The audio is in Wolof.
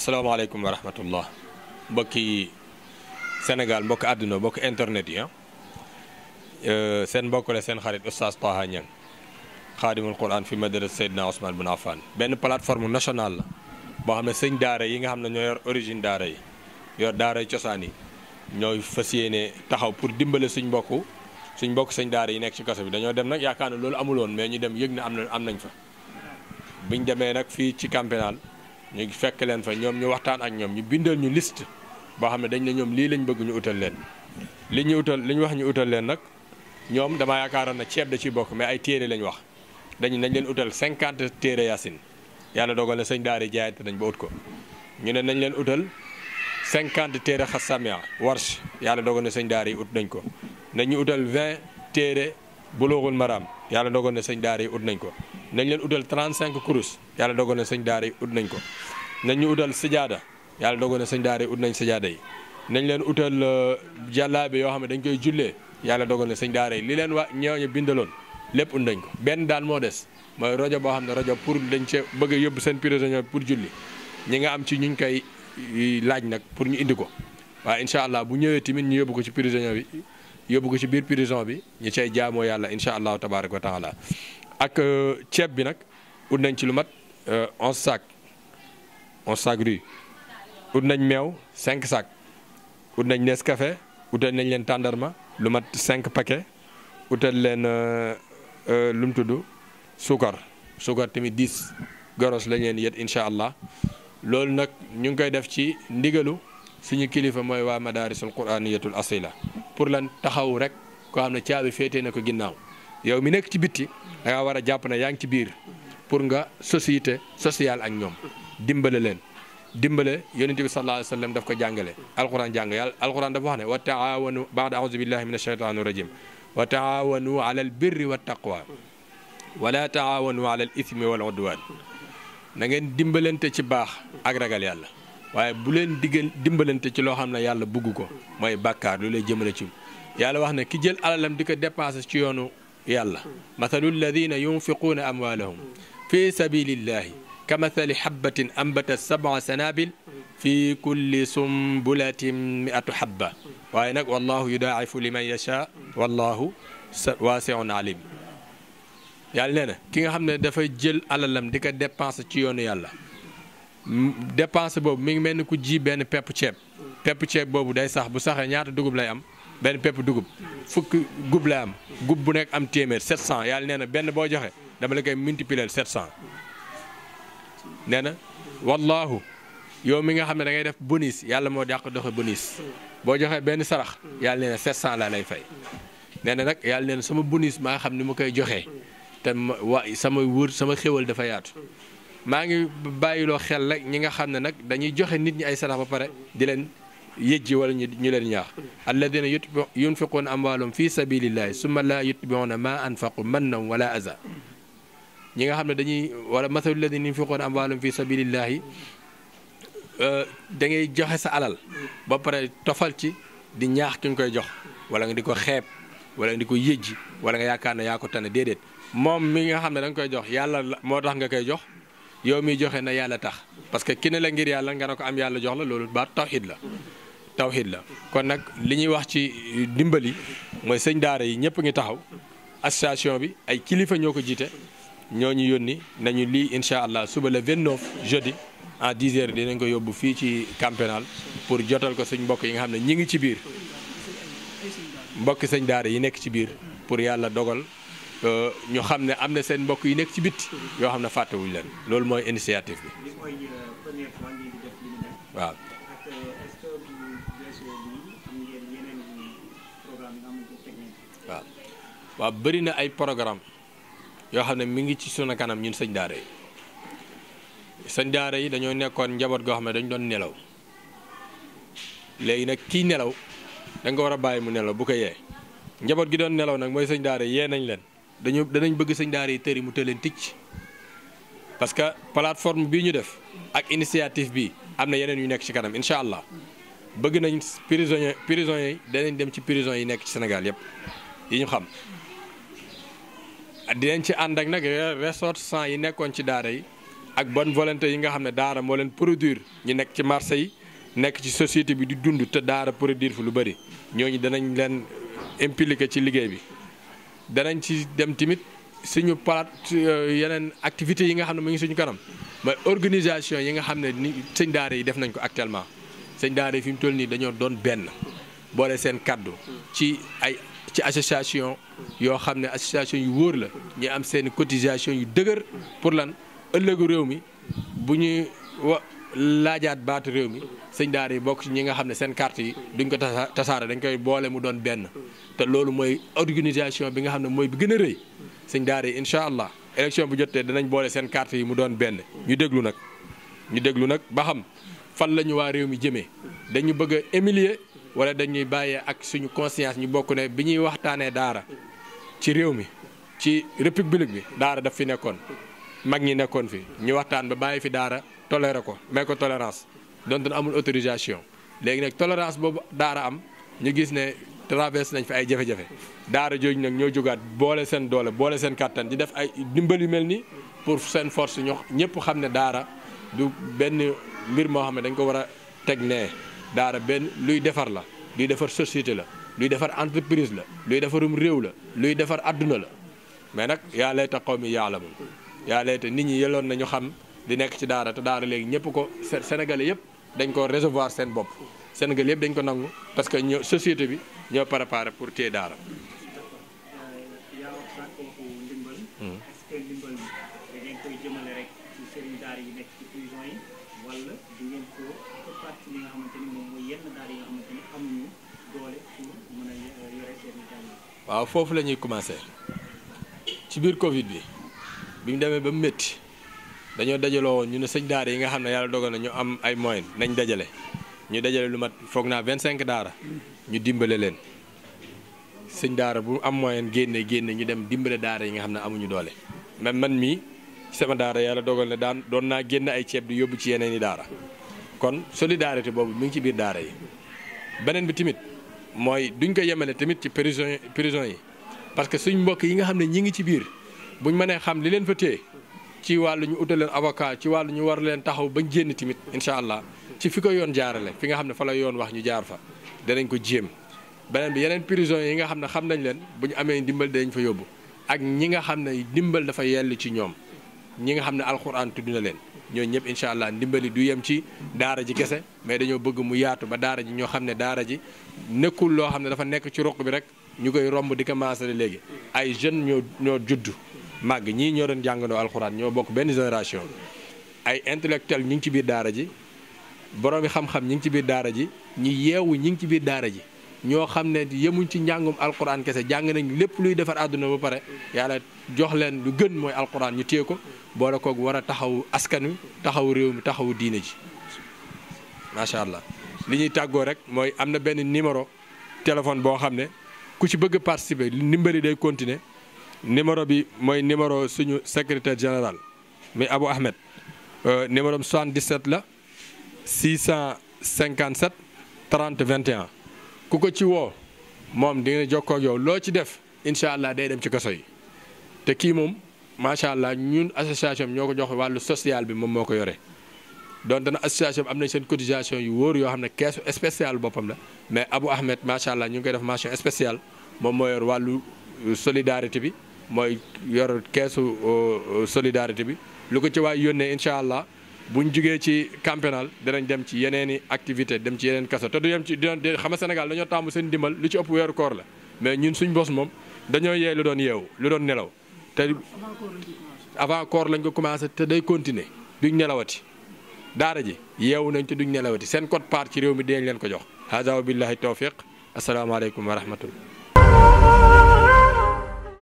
السلام عليكم ورحمة الله. بكي سنغال بك أدنو بك إنترنت يا. سن بك ولا سن خالد أستاذ طه خادم القرآن في مدرسة سيدنا عثمان بن عفان. بين بلاتفورم ناشونال. بعهم سن داري ينعا هم نجور أوريجين داري. يور داري تشاني. نجوي فسيه نه تهاو بور ديمبل سن بكو suñ bokk sañ daara yi nekk ci kaso bi dañoo dem nag yaakaar na loolu amuloon mais ñu dem yëg na am na am nañ fa biñ demee nag fii ci camp pénal ñu fekk leen fa ñoom ñu waxtaan ak ñoom ñu bindal ñu list boo xam ne dañ ne ñoom lii lañ bëgg ñu leen li ñu utal wax ñu utal leen nag ñoom dama yaakaaroon na ceeb da ciy bokk mais ay téere lañu wax dañu nañ leen utal cinquante téere yaasin yàlla dogal na sëñ daara jaayante nañ ba ut ko ñu ne nañ leen utal cinquante téere xasamia warsh yàlla dogal na sëñ daara yi ut nañ ko nañu utal 20 téere Bulughul Maram yàlla dogal na sëñ daara yi ut nañ ko nañ leen utal cinq kurus yàlla dogal na sëñ daara yi ut nañ ko nañu utal sijaada yàlla dogal na sëñ daara yi ut nañ sijaada yi nañ leen utal euh, jàllaabe yoo xam ne dañ koy jullee yàlla dogal na sëñ daara yi li leen wa ñooñu bindaloon lépp ut nañ ko benn daal moo des mooy rajo boo xam ne rajo pour dañ cee bëgg a yóbbu seen prisonnier pour julli ñi nga am ci ñu koy laaj nag pour ñu indi ko waaye incha allah bu ñëwee tamit ñu yóbbu ko ci prisonnier bi yóbbu ko ci biir prison bi ñu cay jaamoo yàlla incha allahu tabaraka wa taala ak euh, ceeb bi nag ut nañ ci lu mat euh, onze sac onze sac riz ut nañ meew cinq sac ut nañ kafe utal nañ leen tàndarma lu mat cinq paquet utal leen euh, lu mu tudd suukar suukar tamit goros lañ leen yet incha allah loolu nag ñu ngi koy def ci ndigalu suñu kilifa mooy waa madaarisul quraaniyatul asila pour lan taxaw rek ko amna ne caabi féetee na ko yow mi nek ci biti da nga wara jàpp na yang ci bir pour nga société sociale ak ñom dimbale len dimbale yonnati bi sallallahu alayhi wasallam daf ko jàngale alquran jàng yàlla alquran dafa wax ne wa taawanu ba'da a'udhu billahi minash ashaytani rajim wa taawanu ala birri wa taqwa wala taawanu ala al ithmi wal udwan na ngeen dimbalante ci bax ak ragal yàlla waye bu len digel dimbalante ci lo xam yàlla bugu ko moy bakkar lu lay jëmele ci yàlla wax ne ki jël alalam diko dépasser ci yoonu yàlla mathalul lladina yunfiquna amwalahum fi sabilillahi kamathali habatin habbatin ambata sab'a sanabil fi kulli sumbulatin mi'atu habba waye nak wallahu yudaa'ifu liman yasha wallahu wasi'un alim yàlla nee ki nga xamne da fay jël alalam diko dépasser ci yoonu yàlla dépense bobu mi ngi melni ku ji ben pep ceeb pep ceeb bobu day sax bu saxé ñaata dugub lay am ben pep dugub fukk gub lay am gub bu nek am témèr 700 yàlla néna ben bo joxe dama la kay multiplier 700 néna wallahu wallaahu yow mi nga xamné da ngay def bonus yàlla mo dakk doxe bonus bo joxé ben sarax yàlla néna 700 la lay fay néna nak yàlla néna sama bonus ma xamni mu koy joxé te sama wër sama xéwal dafa yaatu maa ngi bàyyiloo xel rek ñi nga xam ne nag dañuy joxe nit ñi ay sarax ba pare di leen yëjji wala ñu leen ñaax alladina yunfiquuna amwaalum fi sabilillahi summa la yutbiuna ma anfaqu mannan wala aza ñi nga xam ne dañuy wala masalu ladina yunfiquuna amwaalum fi sabilillahi euh, da ngay joxe sa alal ba tofal ci di ñaax ki nga koy jox wala nga di ko xeeb wala nga di ko yëjji wala nga yaakaar ne yaa ko tane déedéet moom mi nga xam ne da koy jox yàlla moo tax nga koy jox yow mi joxe na yàlla tax parce que ki ne la ngir yàlla nga ne ko am yàlla jox la loolu baat tawxid la taw tawxid la kon nag li ñuy wax ci dimbali mooy sëñ daara yi ñëpp ngi taxaw association bi ay kilifa ñoo ko jiite ñoo ñu yónni nañu lii incha allah suba le 29 jeudi en 10 heures dinañ ko yóbbu fii ci camp pour jotal ko suñ mbokk yi nga xam ne ñi ngi ci biir mbokki sëñ daara yi nekk ci biir pour yàlla dogal Euh, ñu xam ne am na seen mbokk yi nekk ci bit yoo xam ne fàttewuñ leen loolu mooy initiative bi euh, euh, waaw. waaw bari na ay programme yoo xam ne mi ngi ci sunu kanam ñun sëñ daara yi sëñ daara yi dañoo nekkoon njaboot goo xam ne dañu doon nelaw léegi nag kii nelaw da nga war a bàyyi mu nelaw bu ko yee njaboot gi doon nelaw nag mooy sëñ daara yee nañ leen. dañu danañ bëgg sëñ daara yi yi mu tëleen ticc parce que plateforme bii ñu def ak initiative bi am na yeneen yu nekk ci kanam incha allah bëgg nañ prisonnier prison yi danañ dem ci prison yi nekk ci senegal yëpp yi ñu xam dinañ ci ànd ak nag ressortissants yi nekkoon ci daara yi ak bonne volonté yi nga xam ne daara moo leen produire ñi nekk ci marché yi nekk ci société bi di dund te daara produire fi lu bëri ñooñu danañ leen impliqué ci liggéey bi danañ ci dem tamit suñu plate euh, yeneen activités yi nga xam ne mu ngi suñu kanam mooy organisation yi nga xam ne ni sëñ daara yi def nañ ko actuellement sëñ daara yi fi mu toll nii dañoo doon benn boole seen kàddu ci ay ci association yoo xam ne association yu wóor la ñu am seen cotisation yu dëgër pour lan ëllëgu réew mi bu ñuy wa laajaat baatu réew mi sëñ daara yi bokk ci ñi nga xam ne seen carte yi duñ ko tasaare dañ koy boole mu doon benn te loolu mooy organisation bi nga xam ne mooy bi gën a rëy sëñ daara yi incha allah élection bi jotee danañ boole seen carte yi mu doon benn ñu déglu nag ñu déglu nag ba xam fan la ñu waa réew mi jëmee dañu bëgg a humilier wala dañuy bàyyee ak suñu conscience ñu bokk ne bi ñuy waxtaanee daara ci réew mi ci république bi daara daf fi nekkoon mag ñi nekkoon fi ñu waxtaan ba bàyyi fi daara toléré ko may ko tolérance donte na amul autorisation léegi nag tolérance boobu daara am ñu gis ne traversé nañ fi ay jafe-jafe daara jooju nag ñoo jógaat boole seen doole boole seen kàttan di def ay dimbal yu mel nii pour seen force ñoo ñëpp xam ne daara du benn mbir moo xam ne dañ ko war a teg nee daara benn luy defar la luy defar société la luy defar entreprise la luy defarum réew la luy defar adduna la mais nag yaa lay taxaw mi yaa la yaa lay te nit ñi yëloon nañu xam di nekk ci daara te daara léegi ñëpp ko Sénégalais yëpp dañ ko résevoir seen bopp Sénégal yëpp dañ ko nangu parce que ñoo société bi ñoo préparé pour téye daara. Hmm. waaw foofu lañuy ñuy commencé ci biir Covid bi. bi ñu demee ba mu métti dañoo dajaloo woon ñu ne sëñ daara yi nga xam ne yàlla dogal na ñu am ay moyen nañ dajale ñu dajale lu mat foog naa vingt cinq daara ñu dimbale leen sëñ daara bu am moyen génne génne ñu dem dimbale daara yi nga xam ne amuñu doole. man man mii sama daara yàlla dogal na daan doon naa génn ay ceeb di yóbbu ci yeneen i daara kon solidarité boobu mu ngi ci biir daara yi beneen bi tamit mooy duñ ko yemale tamit ci prison prison yi parce que suñ mbokk yi nga xam ne ñi ngi ci biir. buñ mënee xam li leen fa téye ci wàllu ñu utal leen avocat ci wàllu ñu war leen taxaw bañ génn tamit incha allah ci fi ko yoon jaarale fi nga xam ne fa la yoon wax ñu jaar fa danañ ko jéem. beneen bi yeneen prison yi nga xam ne xam nañ leen bu ñu amee ndimbali dañ fa yóbbu ak ñi nga xam ne ndimbal dafa yell ci ñoom ñi nga xam ne alxuraan tudd na leen ñooñu ñëpp incha allah ndimbali du yem ci daara ji kese mais dañoo bëgg mu yaatu ba daara ji ñoo xam ne daara ji nekkul loo xam ne dafa nekk ci roq bi rek ñu koy romb di ko maasale léegi ay jeunes ñoo ñoo judd màgg ñii ñoo doon jàngandoo alxuraan ñoo bokk benn génération ay intellectuel ñu ngi ci biir daara ji borom bi xam-xam ñu ngi ci biir daara ji ñu yeewu ñu ngi ci biir daara ji ñoo xam ne yemuñ ci njàngum alxuraan kese jàng nañ lépp luy defar àdduna ba pare yàlla jox leen lu gën mooy alxuraan ñu téye ko boole koog war a taxawu askan wi taxawu réew mi taxawu diine ji macha allah. li ñuy tàggoo rek mooy am na benn numéro téléphone boo xam ne ku ci bëgg participer ndimbali day continuer. numéro bi mooy numéro suñu secrétaire général mi Abou Ahmed euh, numéro am 77 la 657 30 21 ku ko ci woo moom dina jokkoo ak yow loo ci def incha allah day dem ci kaso yi te kii moom macha allah ñun association ñoo ko jox wàllu social bi moom moo ko yore donte na association am nañ seen cotisation yu wóor yoo xam ne keesu spécial boppam la mais Abou Ahmed macha allah ñu koy def mention spéciale moom moo yor wàllu euh, solidarité bi. mooy yor keesu euh, euh, solidarité bi lu ko ci waay yónnee incha allah bu buñ jugee ci Camp Pénal dinañ dem ci yeneen i activité dem ci yeneen kaso te du yem ci dina xam nga Sénégal dañoo taamu seen dimbal lu ci ëpp weeru koor la mais ñun suñ bos moom dañoo yee lu doon yeewu lu doon nelaw te avant koor lañ ko commencé te day continuer duñ nelawati daara ji yeewu nañ te duñ nelawati seen code part ci réew mi dinañ leen ko jox hada wa billahi tawfiq asalaamaaleykum wa rahmatullah